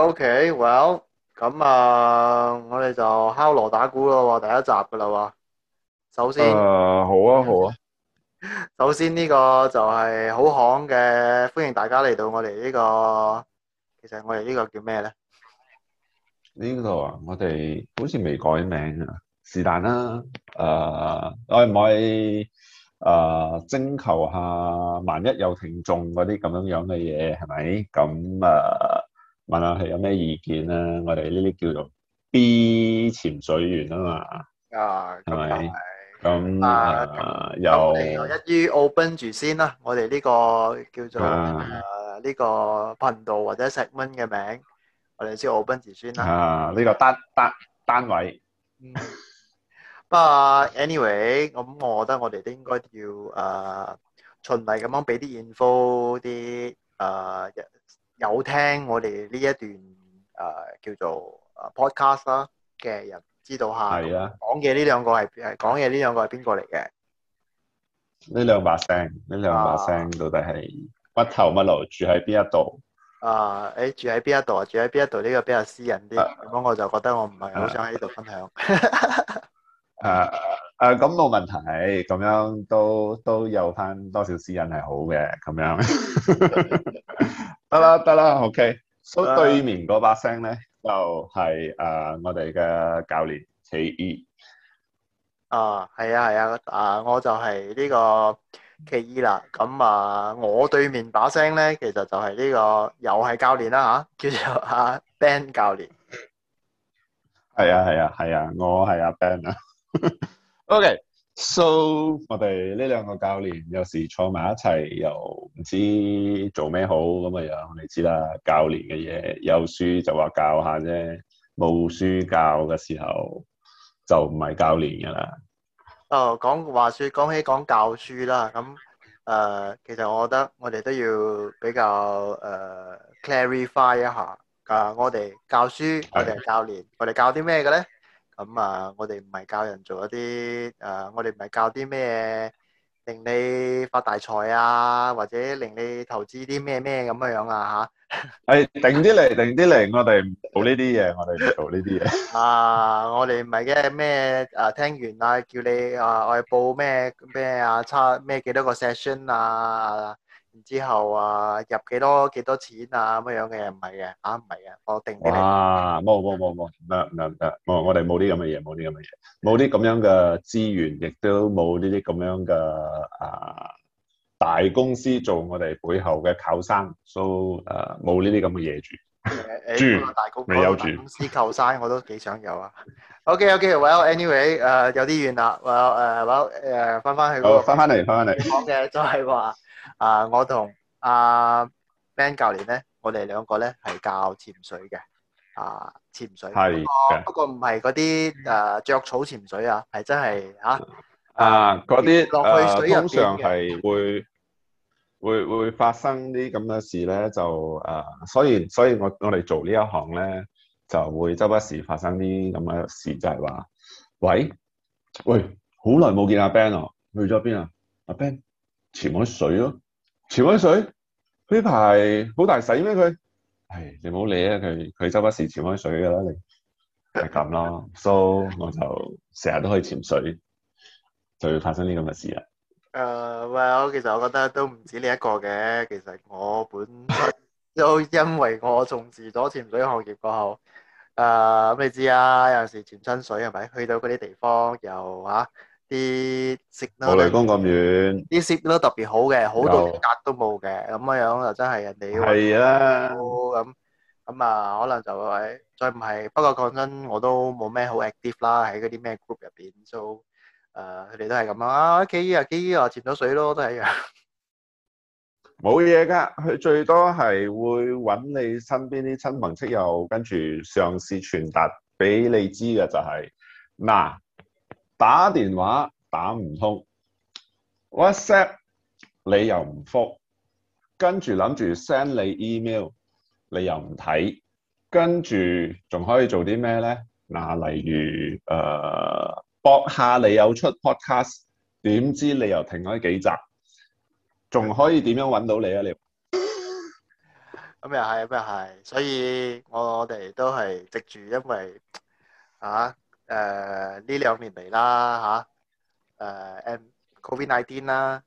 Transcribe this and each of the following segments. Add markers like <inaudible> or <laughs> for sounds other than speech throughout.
O K，well，咁啊，我哋就敲鑼打鼓咯喎，第一集噶啦喎。首先，啊，好啊，好啊。首先呢個就係好行嘅，歡迎大家嚟到我哋呢個，其實我哋呢個叫咩咧？呢度啊，我哋好似未改名啊，是但啦。誒，可唔可以誒徵求下，萬一有聽眾嗰啲咁樣樣嘅嘢，係咪？咁啊。問下佢有咩意見啦。我哋呢啲叫做 B 潛水員啊嘛，啊係咪？咁有另外一於 Open 住先啦。我哋呢個叫做誒呢個頻道或者石文嘅名，我哋先 Open 住先啦。啊呢個單單單位。嗯，不過 anyway，咁我覺得我哋都應該要誒循例咁樣俾啲 info 啲誒。有聽我哋呢一段，誒叫做誒 podcast 啦嘅人知道下。係啊。講嘢呢兩個係，係講嘢呢兩個係邊個嚟嘅？呢兩把聲，呢兩把聲到底係乜頭乜路住喺邊一度？啊，誒，住喺邊一度啊？住喺邊一度？呢個比較私隱啲，咁我就覺得我唔係好想喺呢度分享。啊，誒，咁冇問題，咁樣都都有翻多少私隱係好嘅，咁樣。得啦，得啦，OK。所以對面嗰把聲咧，就係誒我哋嘅教練奇異。啊，係啊，係啊，啊我就係呢個奇異啦。咁啊，我對面把聲咧，其實就係呢個又係教練啦吓，叫做阿 Ben 教練。係啊，係啊，係啊，我係阿 Ben 啊。OK。So, 我哋呢兩個教練有時坐埋一齊又唔知做咩好咁嘅樣，你知啦。教練嘅嘢有書就話教下啫，冇書教嘅時候就唔係教練噶啦。哦，oh, 講話說講起講教書啦，咁、嗯、誒、呃，其實我覺得我哋都要比較誒、呃、clarify 一下啊、呃，我哋教書，我哋係教練，我哋教啲咩嘅咧？咁啊、嗯，我哋唔係教人做一啲，誒、呃，我哋唔係教啲咩，令你發大財啊，或者令你投資啲咩咩咁嘅樣啊吓。係定啲嚟，定啲嚟，我哋唔做呢啲嘢，我哋唔做呢啲嘢。 <laughs> 啊，我哋唔係嘅咩，誒、啊，聽完啊，叫你啊，我哋報咩咩啊，差咩幾多個 session 啊。啊之後啊，入幾多幾多錢啊咁樣樣嘅，唔係嘅，啊，唔係嘅，我定。哇，冇冇冇冇，唔得唔得唔得，我我哋冇啲咁嘅嘢，冇啲咁嘅嘢，冇啲咁樣嘅資源，亦都冇呢啲咁樣嘅啊大公司做我哋背後嘅靠山，so 誒冇呢啲咁嘅嘢住。住大公司靠山，我都幾想有啊。OK OK，Well anyway，誒有啲遠啦，話誒，話誒翻翻去嗰度，翻翻嚟，翻翻嚟。講嘅就係話。啊！Uh, 我同阿、uh, Ben 教練咧，我哋兩個咧係教潛水嘅，啊、uh, 潛水，不的、哦、不過唔係嗰啲誒着草潛水啊，係真係吓啊嗰啲落去水入邊嘅，係、啊、會、啊、會會，會發生啲咁嘅事咧，就誒、uh,，所以所以我我哋做呢一行咧，就會周不時發生啲咁嘅事，就係話喂喂，好耐冇見阿 Ben 哦，去咗邊啊，阿 Ben？潛開水咯，潛開水，呢排好大使咩佢？唉你好理啊佢，佢周不時潛開水噶啦，你係咁咯。 <laughs> so 我就成日都可以潛水，就會發生呢咁嘅事啦。誒，唔係我其實我覺得都唔止呢一個嘅，其實我本身，都因為我從事咗潛水行業過後，誒、uh,，你知啊，有陣時潛親水係咪去到嗰啲地方又吓。啊啲食都，我雷公咁遠。啲食都特別好嘅，好有多一格都冇嘅，咁樣樣就真係人哋。係啊的，咁咁啊，可能就再唔係。不過講真，我都冇咩好 active 啦，喺嗰啲咩 group 入邊，做、呃，誒，佢哋都係咁樣啊，企一日，企一日，潛咗水咯，都係啊。冇嘢噶，佢最多係會搵你身邊啲親朋戚友，跟住嘗試傳達俾你知嘅就係、是、嗱。打電話打唔通，WhatsApp 你又唔覆，跟住諗住 send 你 email，你又唔睇，跟住仲可以做啲咩咧？嗱、啊，例如誒、博、呃、下你有出 podcast，點知你又停咗幾集？仲可以點樣搵到你啊？你咁又係，咁又係，所以我哋都係籍住，因為啊。誒，呢兩年嚟啦，吓，誒，COVID-19 啦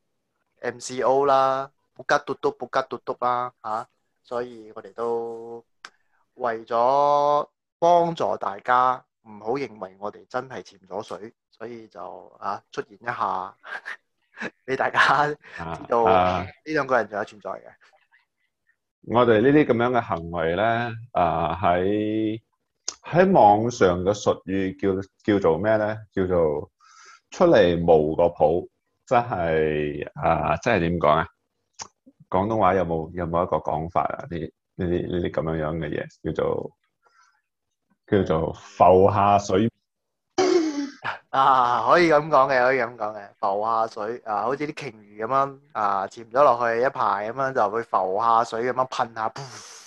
，MCO 啦，撲卡篤篤，撲卡篤篤啦，吓，所以我哋都為咗幫助大家，唔好認為我哋真係潛咗水，所以就吓出現一下，俾大家知道呢兩個人仲有存在嘅。我哋呢啲咁樣嘅行為咧，誒，喺。喺網上嘅術語叫叫做咩咧？叫做出嚟冇個譜，即係啊，即係點講啊？廣東話有冇有冇一個講法啊？呢呢啲呢啲咁樣樣嘅嘢叫做叫做浮下水啊！可以咁講嘅，可以咁講嘅，浮下水啊！好似啲鯨魚咁樣啊，潛咗落去一排咁樣就會浮下水咁樣噴下噗。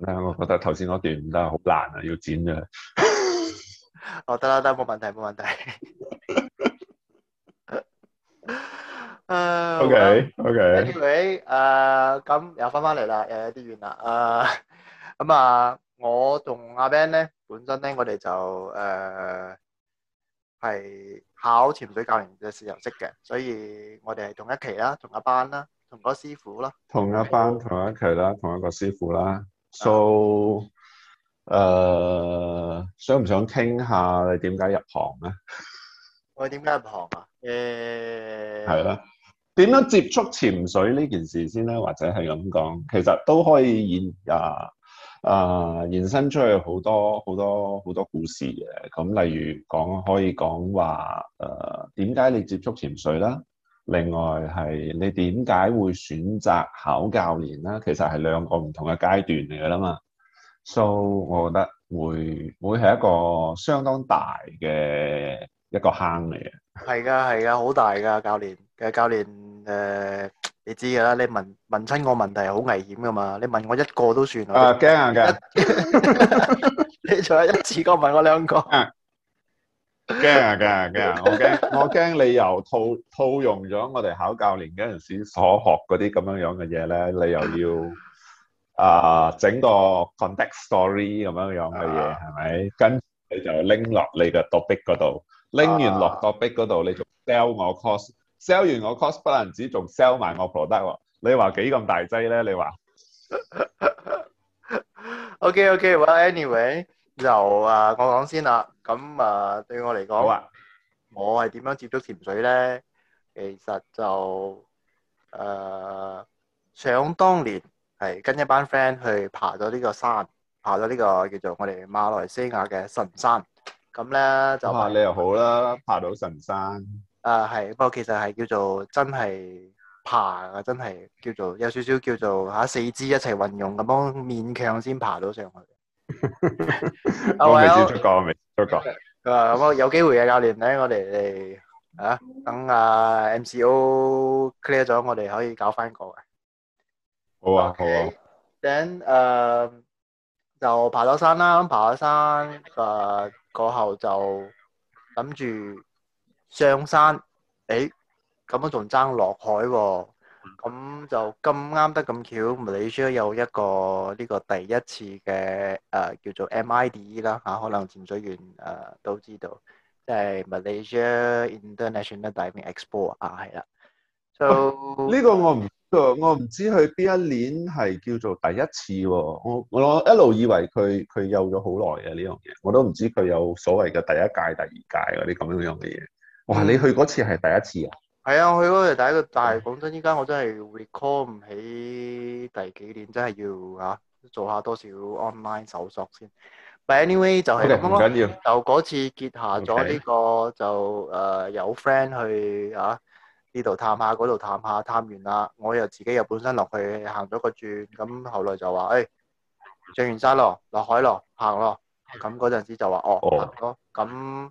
嗱，我覺得頭先嗰段唔得好難啊，要剪嘅。哦，得啦，得，冇問題，冇問題。誒，OK，OK，Anyway，誒，咁又翻翻嚟啦，又有啲遠啦。誒，咁啊，我同阿 Ben 咧，本身咧，我哋就誒係考潛水教練嘅時候識嘅，所以我哋係同一期啦，同一班啦，同嗰師傅啦。同一班，同一期啦，同一個師傅啦。So，誒、uh, uh，想唔想傾下你點解入行咧？我點解入行啊？誒係啦，點樣接觸潛水呢件事先咧？或者係咁講，其實都可以延啊啊延伸出去好多好多好多故事嘅。咁例如講可以講話誒點解你接觸潛水啦？另外係你點解會選擇考教練啦？其實係兩個唔同嘅階段嚟㗎啦嘛，so 我覺得會會係一個相當大嘅一個坑嚟嘅。係㗎，係㗎，好大㗎！教練嘅教練誒，你知㗎啦，你問問親個問題係好危險㗎嘛，你問我一個都算。啊，驚啊！嘅，你仲有一次過問我兩個。驚啊驚，啊驚啊！我驚我驚，你又套套用咗我哋考教練嗰陣時所學嗰啲咁樣樣嘅嘢咧，你又要啊整個 context story 咁樣樣嘅嘢係咪？跟住你就拎落你嘅 topic 嗰度，拎完落 topic 嗰度，你仲 sell 我 course，sell 完我 course，不能止仲 sell 埋我 product 喎。你話幾咁大劑咧？你話？OK OK，Well anyway。就啊、呃，我講先啦。咁、嗯、啊，對我嚟講啊，我係點樣接觸潛水咧？其實就誒、呃，想當年係跟一班 friend 去爬咗呢個山，爬咗呢、這個叫做我哋馬來西亞嘅神山。咁咧、哦、就話，你又好啦，爬到神山。誒、啊，係。不過其實係叫做真係爬啊，真係叫做有少少叫做吓、啊、四肢一齊運用咁樣勉強先爬到上去。我未知出過，未出過。咁啊，有機會嘅教練咧，我哋嚟等阿 MCO clear 咗，我哋可以搞翻個。好啊，好啊。等，誒，就爬咗山啦，咁爬咗山誒過後就諗住上山。誒，咁我仲爭落海喎。咁、嗯嗯、就咁啱得咁巧，Malaysia 有一個呢、這個第一次嘅誒、呃、叫做 MIDE 啦、啊、嚇，可能潛水員誒都知道，即係 Malaysia International Diving Expo 啊，係、so, 啦、啊。呢、這個我唔，我唔知佢邊一年係叫做第一次喎、啊。我我一路以為佢佢有咗好耐嘅呢樣嘢，我都唔知佢有所謂嘅第一屆、第二屆嗰啲咁樣樣嘅嘢。哇！你去嗰次係第一次啊？嗯係啊，我去嗰度第一個，但係講真，依家我真係 recall 唔起第幾年，真係要啊，做下多少 online 搜索先。But anyway，Okay, 就係咁咯，就嗰次結下咗呢個 Okay. 就誒、呃、有 friend 去啊，呢度探下嗰度探下，探完啦，我又自己又本身落去行咗個轉，咁後來就話誒、欸、上完山咯，落海咯，行咯，咁嗰陣時就話哦，oh. 行咯。」咁。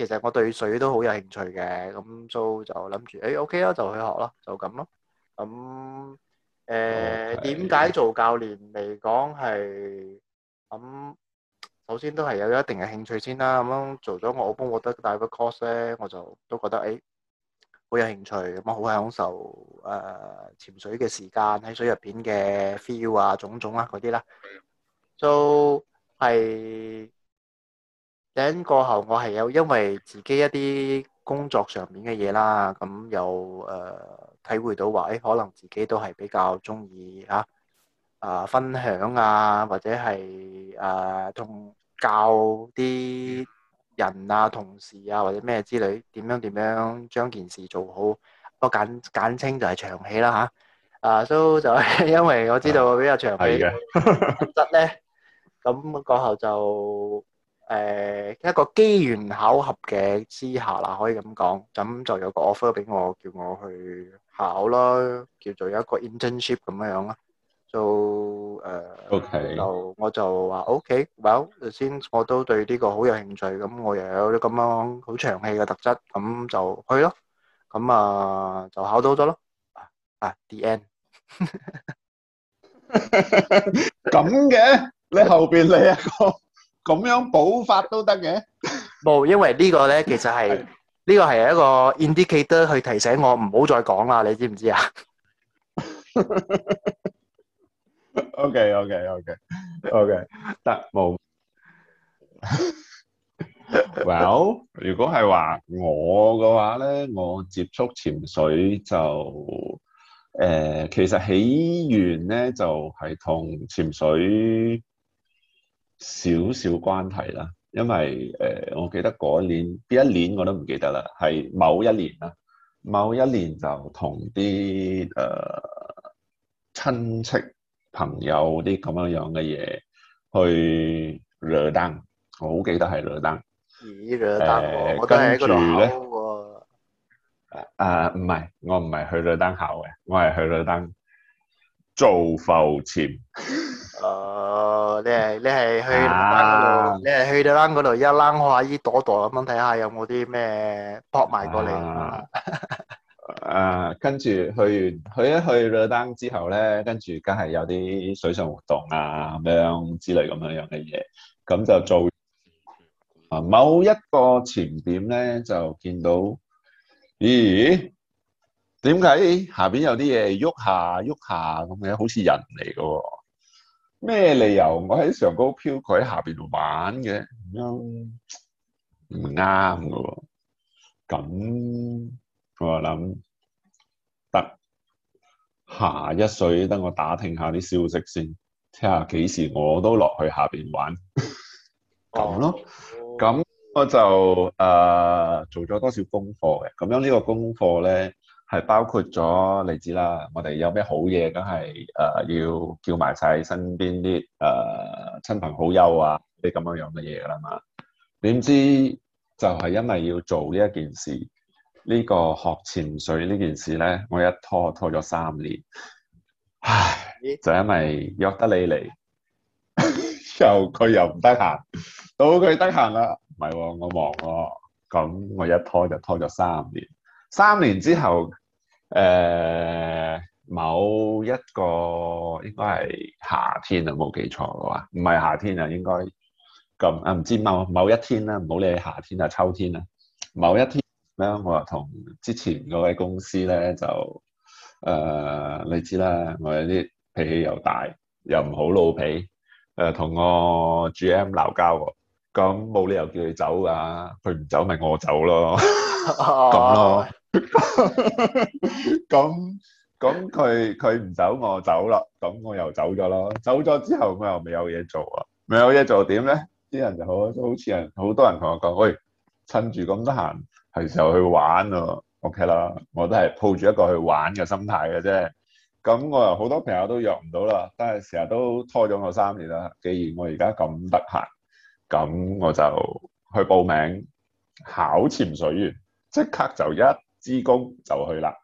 其實我對水都好有興趣嘅，咁 so 就諗住，誒、欸、OK 啦，就去學咯，就咁咯。咁誒點解做教練嚟講係咁？首先都係有一定嘅興趣先啦。咁、嗯、樣做咗我幫我得大一個 course 咧，我就都覺得誒、欸、好有興趣，咁啊好享受誒、呃、潛水嘅時間喺水入邊嘅 feel 啊，種種啊嗰啲啦。So 係。等過後，我係有因為自己一啲工作上面嘅嘢啦，咁有誒體會到話，誒可能自己都係比較中意吓，誒分享啊，或者係誒同教啲人啊、同事啊或者咩之類，點樣點樣將件事做好，我簡簡稱就係長氣啦吓，啊所以就係因為我知道比較長氣得咧，咁過後就。誒，一個機緣巧合嘅之下啦，可以咁講，咁就有個 offer 俾我，叫我去考咯，叫做有一個 internship 咁樣樣咯，做誒，就我就話 OK，Well，頭先我都對呢個好有興趣，咁我又有啲咁樣好長氣嘅特質，咁就去咯，咁啊就考到咗咯，啊，the end，咁嘅，你後邊嚟一個。咁樣補法都得嘅，冇，因為呢個咧其實係呢個係一個 indicator 去提醒我唔好再講啦，你知唔知啊？OK OK OK OK 得冇。Well，如果係話我嘅話咧，我接觸潛水就誒，其實起源咧就係同潛水，少少關係啦，因為誒，我記得嗰年，邊一年我都唔記得啦，係某一年啦，某一年就同啲誒親戚朋友啲咁樣樣嘅嘢去呂丹，我好記得係呂丹。而呂丹我都係喺嗰度考喎。誒唔係，我唔係去呂丹考嘅，我係去呂丹。做浮潛，誒，你係你係去南丹嗰度，你係去到南丹嗰度一躝下依朵朵咁樣睇下有冇啲咩撲埋過嚟，誒，跟住去完去一去南丹之後咧，跟住梗係有啲水上活動啊咁樣之類咁樣樣嘅嘢，咁就做啊某一個潛點咧就見到，咦？點解下邊有啲嘢喐下喐下咁樣，好似人嚟嘅，哦？咩理由我、哦？我喺上高飄，佢喺下邊度玩嘅，咁樣唔啱，唔啱嘅。咁我諗得下一水，等我打聽一下啲消息先，睇下幾時我都落去下邊玩。咁 <laughs> 咯，咁我就誒、呃、做咗多少功課嘅。咁樣呢個功課咧。係包括咗你知啦，我哋有咩好嘢，梗係誒要叫埋晒身邊啲誒親朋好友啊啲咁樣樣嘅嘢啦嘛。點知就係因為要做呢一件事，呢、呢個學潛水呢件事咧，我一拖拖咗三年，唉，就因為約得你嚟， <laughs> 又佢又唔得閒，到佢得閒啦，唔係、啊、我忙喎、啊，咁我一拖就拖咗三年，三年之後。誒、呃，某一個應該係夏天，夏天啊，冇記錯嘅話，唔係夏天啊，應該咁啊，唔知某某一天啦，唔好理係夏天啊，秋天啊，某一天咧，我話同之前嗰位公司咧就誒、呃，你知啦，我有啲脾氣又大，又唔好老脾，誒、呃，同我 GM 鬧交喎、哦，咁冇理由叫佢走噶，佢唔走咪我走咯，咁、oh. <laughs> 咯。咁咁佢佢唔走我走啦，咁我又走咗咯。走咗之後我又未有嘢做啊，未有嘢做點咧？啲人就好就好似人好多人同我講，喂，趁住咁得閒係時候去玩咯、啊、，OK 啦，我都係抱住一個去玩嘅心態嘅啫。咁我又好多朋友都約唔到啦，但係成日都拖咗我三年啦。既然我而家咁得閒，咁我就去報名考潛水員，即刻就一。支公就去啦。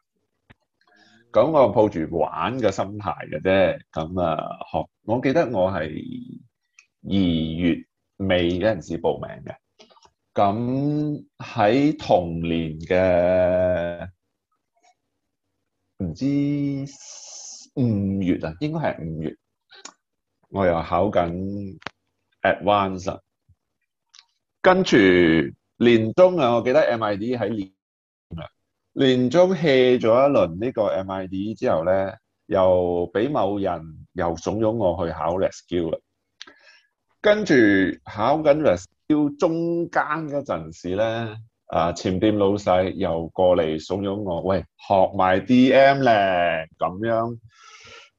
咁我抱住玩嘅心態嘅啫。咁啊，學我記得我係二月尾嗰陣時報名嘅。咁喺同年嘅唔知五月啊，應該係五月，我又考緊 advance。跟住年中啊，我記得 mid 喺年。年中 hea 咗一輪呢個 MID 之後咧，又俾某人又慫恿咗我去考 Rescue 啦。跟住考緊 Rescue 中間嗰陣時咧，啊，前店老細又過嚟慫恿咗我，喂，學埋 DM 咧，咁樣。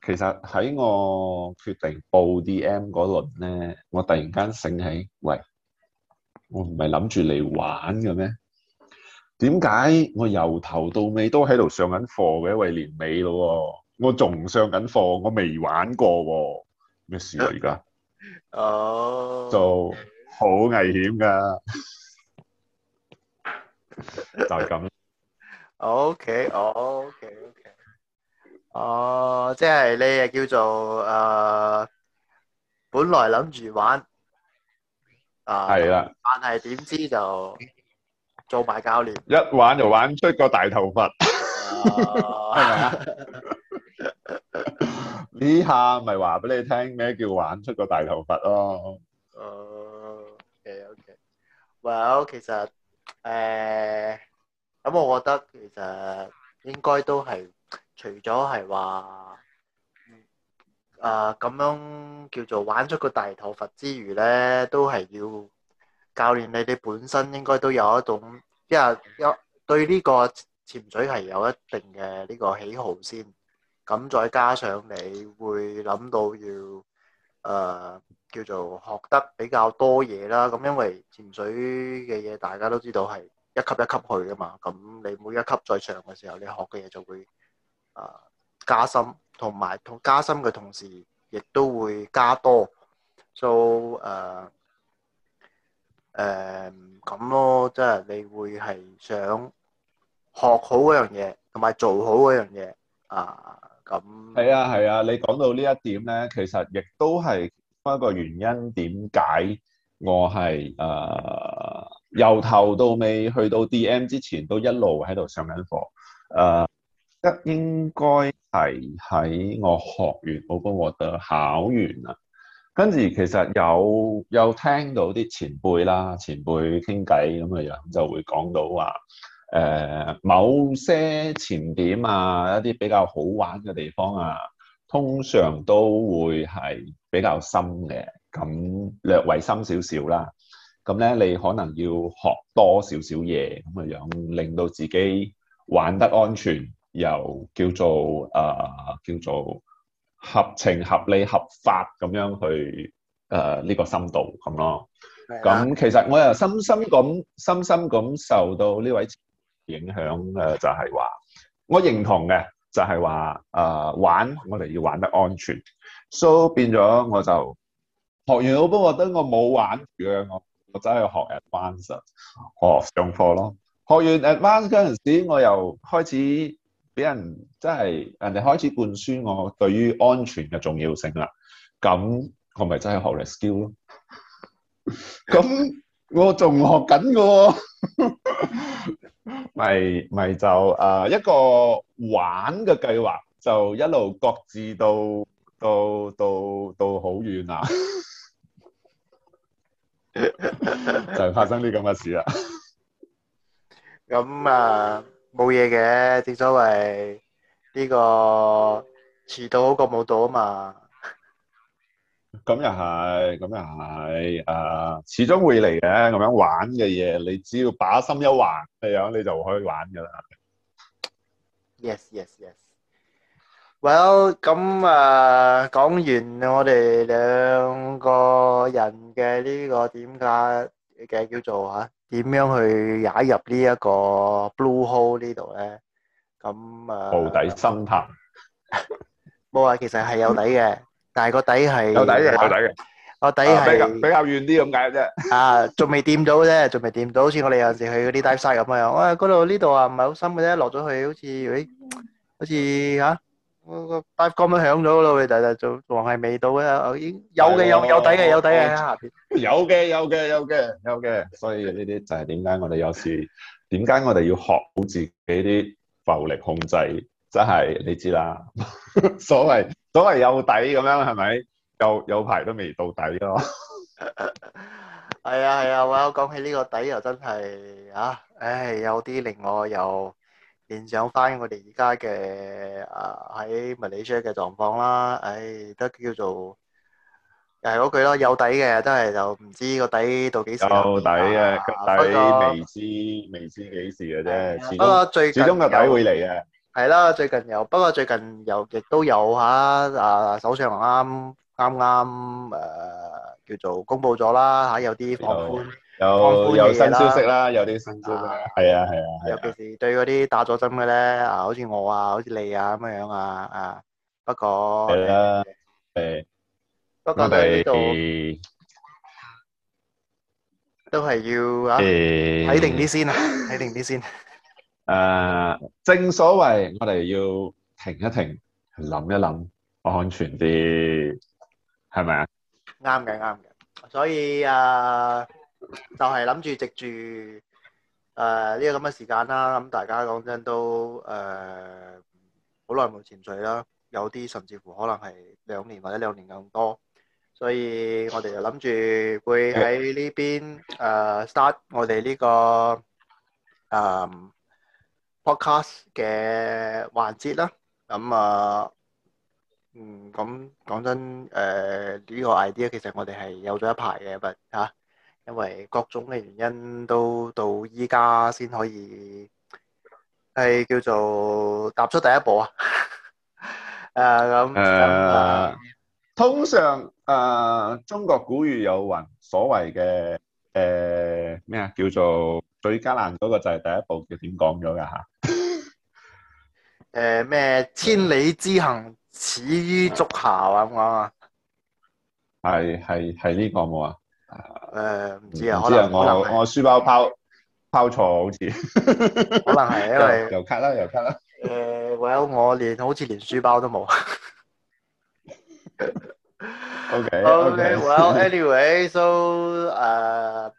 其實喺我決定報 DM 嗰輪咧，我突然間醒起，喂，我唔係諗住嚟玩嘅咩？點解我由頭到尾都喺度上緊課嘅？因為，年尾咯，我仲上緊課，我未玩過，咩事啊？而家哦， <laughs> 就好危險噶，就係咁。OK，OK，OK，哦，即係你啊，叫做誒，uh, 本來諗住玩啊，係、uh, 啦了，但係點知就。做埋教練，一玩就玩出個大頭佛，係 <laughs> 咪啊？呢下咪話俾你聽咩叫玩出個大頭佛咯、啊？哦、uh,，OK OK。Well，其實誒，咁、呃、我覺得其實應該都係除咗係話，啊、呃、咁樣叫做玩出個大頭佛之餘咧，都係要。教練，你哋本身應該都有一種，一有對呢個潛水係有一定嘅呢個喜好先，咁再加上你會諗到要，誒、呃、叫做學得比較多嘢啦。咁因為潛水嘅嘢大家都知道係一級一級去㗎嘛，咁你每一級再上嘅時候，你學嘅嘢就會誒、呃、加深，同埋同加深嘅同時，亦都會加多。So 誒咁，um, 咯，即係你會係想學好嗰樣嘢，同埋做好嗰樣嘢啊！咁係啊，係啊，你講到呢一點咧，其實亦都係返一個原因，點解我係誒由頭到尾去到 DM 之前，都一路喺度上緊課誒，一、呃、應該係喺我學完，我幫我考完啦。跟住其實有有聽到啲前輩啦，前輩傾偈咁嘅樣就會講到話，誒、呃、某些潛點啊，一啲比較好玩嘅地方啊，通常都會係比較深嘅，咁略為深少少啦。咁咧你可能要學多少少嘢咁嘅樣，令到自己玩得安全，又叫做誒叫做，呃叫做合情合理合法咁樣去誒呢、呃這個深度咁咯，咁 <noise> 其實我又深深咁深深咁受到呢位影響誒、呃，就係、是、話我認同嘅就係話誒玩我哋要玩得安全，so 變咗我就學完，我不覺得我冇玩，我我真係學 Advanced 學上課咯，學完 Advanced 嗰陣時我又開始。俾人即係人哋開始灌輸我對於安全嘅重要性啦，咁我咪真係學嚟 skill 咯。咁我仲學緊個，咪咪就誒一個玩嘅計劃，就一路各自到到到到好遠啊，就係發生啲咁嘅事啦。咁啊～冇嘢嘅，正所謂呢個遲到好過冇到啊嘛。咁又係，咁又係，誒，始終會嚟嘅。咁樣玩嘅嘢，你只要把心一橫，係樣，你就可以玩噶啦。Yes, yes, yes. Well，咁啊，講完我哋兩個人嘅呢個點解？嘅叫做嚇，點樣去踩入呢一個 Blue Hole 呢度咧？咁啊，無底深潭冇啊，其實係有底嘅，但係個底係有底嘅，有底嘅，個底係比較比較遠啲咁解啫。啊，仲未掂到啫，仲未掂到，好似我哋有陣時去嗰啲 dive site 咁樣。啊，嗰度呢度啊，唔係好深嘅啫，落咗去好似，誒，好似嚇。five gun 咁樣響咗咯，佢大大做黃係未到嘅，有嘅有有底嘅有底嘅喺下邊，有嘅有嘅有嘅有嘅，所以呢啲就係點解我哋有時，點解我哋要學好自己啲浮力控制，即係你知啦，所謂所謂有底咁樣係咪？有有排都未到底咯，係啊係啊，喂，我講起呢個底又真係啊，唉，有啲令我有～連上翻我哋而家嘅啊喺馬來西亞嘅狀況啦，唉、哎，都叫做又係嗰句啦，有底嘅，真係就唔知個底到幾時。有底嘅，個底未知未知幾時嘅啫。不過最始終個底會嚟嘅。係啦，最近有不過最近又亦都有嚇啊，啊！首相啱啱啱誒叫做公佈咗啦嚇，有啲放寬有有新消息啦，有啲新消息，係啊，係啊，係啊。尤其是對嗰啲打咗針嘅咧，啊，好似我啊，好似你啊，咁樣樣啊，啊，不過係啦，誒，不過我哋呢度都係要啊，睇定啲先啊，睇定啲先。誒，正所謂我哋要停一停，諗一諗，安全啲，係咪啊？啱嘅，啱嘅，所以誒。就係諗住藉住誒呢個咁嘅時間啦，咁大家講真都誒好耐冇潛水啦，有啲甚至乎可能係兩年或者兩年咁多，所以我哋就諗住會喺呢邊誒、呃、start 我哋呢、呢個誒、呃、podcast 嘅環節啦。咁啊、呃，嗯，咁、嗯、講真誒呢、呃呢個 idea，其實我哋係有咗一排嘅，吓。啊因為各種嘅原因，都到依家先可以係叫做踏出第一步啊！誒咁，通常誒，中國古語有云，所謂嘅誒咩啊，叫做最艱難嗰個就係第一步，叫點講咗㗎吓？誒咩？千里之行，始於足下啊！咁講啊？係係係呢個冇啊？誒，唔知啊，可能我我書包拋拋錯好似，可能係因為又卡啦又卡啦。誒，Well，我連好似連書包都冇。Okay，Okay，Well，Anyway，So，誒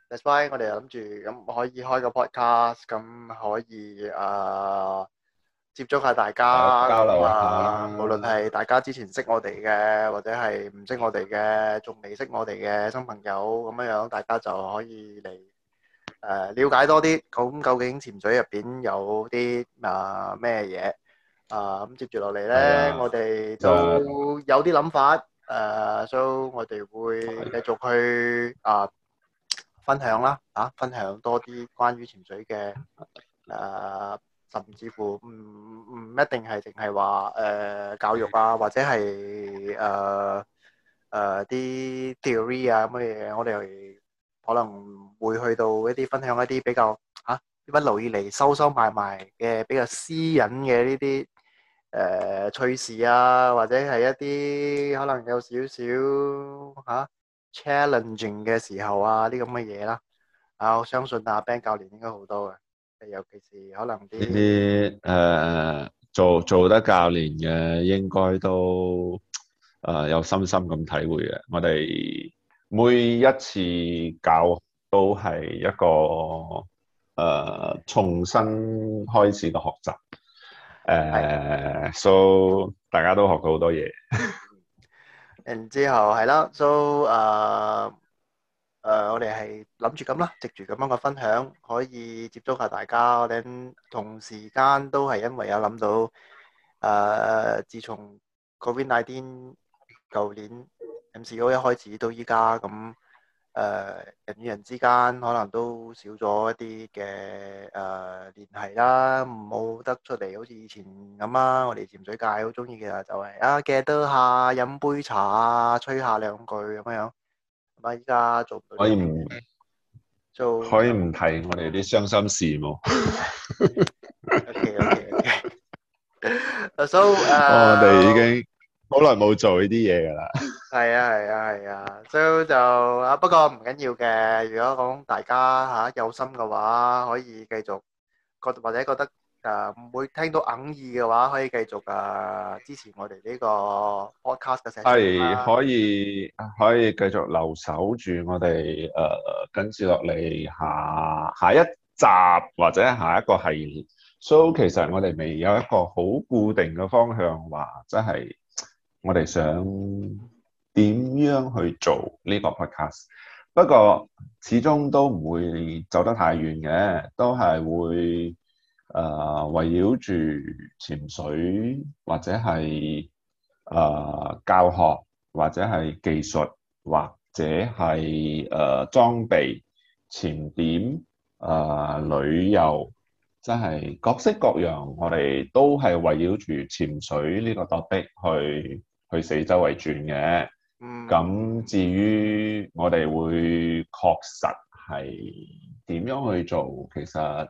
，That's why 我哋諗住咁可以開個 podcast，咁可以誒。接觸下大家、啊、交流啊，無論係大家之前識我哋嘅，或者係唔識我哋嘅，仲未識我哋嘅新朋友咁樣，大家就可以嚟誒了解多啲。咁究竟潛水入邊有啲啊咩嘢啊？咁、啊、接住落嚟咧，啊、我哋都有啲諗法誒、啊啊，所以我哋會繼續去啊、啊分享啦，啊分享多啲關於潛水嘅誒。啊甚至乎唔唔一定係淨係話誒教育啊，或者係誒誒、呃、啲、呃、theory 啊咁嘅嘢，我哋可能會去到一啲分享一啲比較吓一直以嚟收收埋埋嘅比較私隱嘅呢啲誒趣事啊，或者係一啲可能有少少吓、啊、challenging 嘅時候啊呢咁嘅嘢啦。啊，我相信阿、啊、Ben 教練應該好多嘅。尤其是可能啲啲誒做做得教練嘅，應該都誒、uh, 有深深咁體會嘅。我哋每一次教都係一個誒、uh, 重新開始嘅學習。誒、uh,，so 大家都學過好多嘢。然之後係啦，so 誒、uh,。.誒，uh, 我哋係諗住咁啦，藉住咁樣嘅分享，可以接觸下大家。我哋同時間都係因為有諗到，誒、呃，自從 COVID-19 舊年 MCO 一開始到依家咁，誒、呃，人與人之間可能都少咗一啲嘅誒聯繫啦，冇、呃、得出嚟好似以前咁啦。我哋潛水界好中意嘅就係、是、啊記得下飲杯茶啊，吹下兩句咁樣。咪而家做唔可以唔做，可以唔提我哋啲傷心事冇。O.K. O.K. O.K. So 誒，我哋已經好耐冇做呢啲嘢噶啦。係啊，係啊，係啊，所以就啊，不過唔緊要嘅。如果講大家嚇有心嘅話，可以繼續覺得或者覺得。誒，唔會、啊、聽到哽耳嘅話，可以繼續誒、啊、支持我哋呢個 podcast 嘅成。係可以，可以繼續留守住我哋，誒，跟住落嚟，下下，下一集或者下一個系列。所以其實我哋未有一個好固定嘅方向，話即係我哋想點樣去做呢個 podcast。不過始終都唔會走得太遠嘅，都係會。誒，圍繞住潛水或者係誒、呃、教學或者係技術或者係誒裝備、潛點、誒、呃、旅遊，即係各式各樣，我哋都係圍繞住潛水呢個目的去去，去四周圍轉嘅。咁、嗯、至於我哋會確實係點樣去做，其實。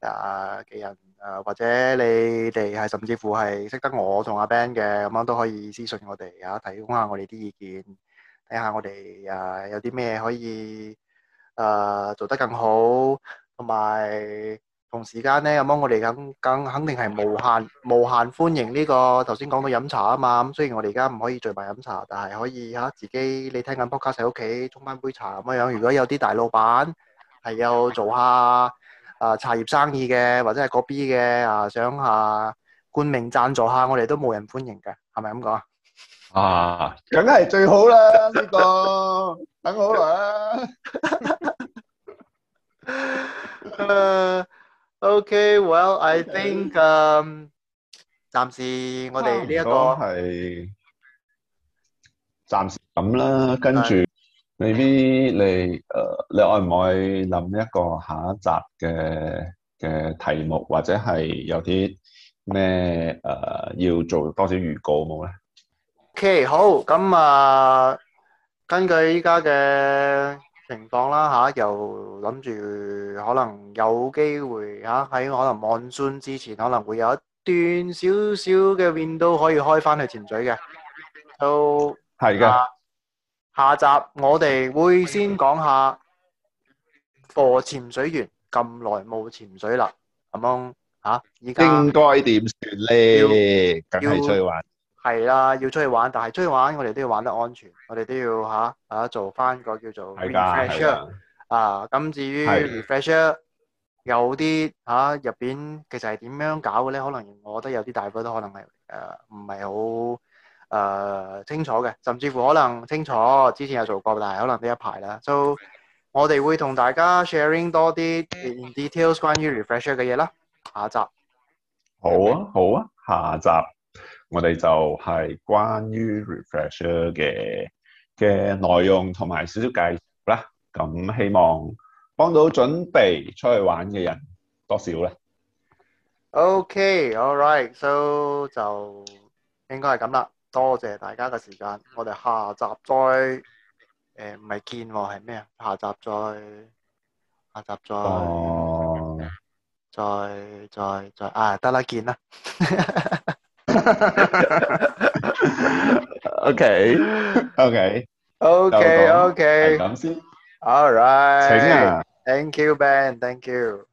啊嘅人，誒、啊、或者你哋係甚至乎係識得我同阿 Ben 嘅，咁樣都可以私信我哋，吓、啊、提供下我哋啲意見，睇下我哋誒、啊、有啲咩可以誒、啊、做得更好，同埋同時間咧，咁樣我哋咁梗肯定係無限無限歡迎呢。這個頭先講到飲茶啊嘛，咁雖然我哋而家唔可以聚埋飲茶，但係可以吓、啊、自己你聽緊 Podcast 喺屋企沖翻杯茶咁樣樣。如果有啲大老闆係有做下。啊，茶葉生意嘅或者係嗰邊嘅啊，想下冠名贊助下，我哋都冇人歡迎嘅，係咪咁講啊？啊，梗係最好啦呢個，等好耐啦。Okay, well, I think 暫時我哋呢一個係暫時咁啦，跟住。maybe 你，誒，你愛唔愛諗一個下一集嘅嘅題目，或者係有啲咩誒要做多少預告冇咧？Okay，好，咁啊，根據依家嘅情況啦，吓，又諗住可能有機會吓，喺可能望穿之前，可能會有一段少少嘅 window 可以開翻去潛水嘅，都係嘅。下集我哋會先講下，課潛水員咁耐冇潛水啦，咁樣吓，而家應該點算咧？梗係出去玩係啦，要出去玩，但係出去玩我哋都要玩得安全，我哋都要吓吓、啊啊、做翻個叫做 refresher 啊！咁至於 refresher 的有啲吓入邊其實係點樣搞嘅咧？可能我覺得有啲大哥都可能係誒唔係好。啊誒，uh, 清楚嘅，甚至乎可能清楚，之前有做過，但係可能呢一排啦。就、so, 我哋會同大家 sharing 多啲 details 關於 refresher 嘅嘢啦。下一集好啊，好啊，下集我哋就係關於 refresher 嘅嘅內容同埋少少介紹啦。咁希望幫到準備出去玩嘅人多少咧 OK、okay, all right，so 就應該係咁啦。多謝大家嘅時間，我哋下集再，誒，唔係見喎，係咩啊？下集再下集再，再再再，啊，得啦見啦，OK OK OK OK，咁先，All right，Thank you Ben，Thank you。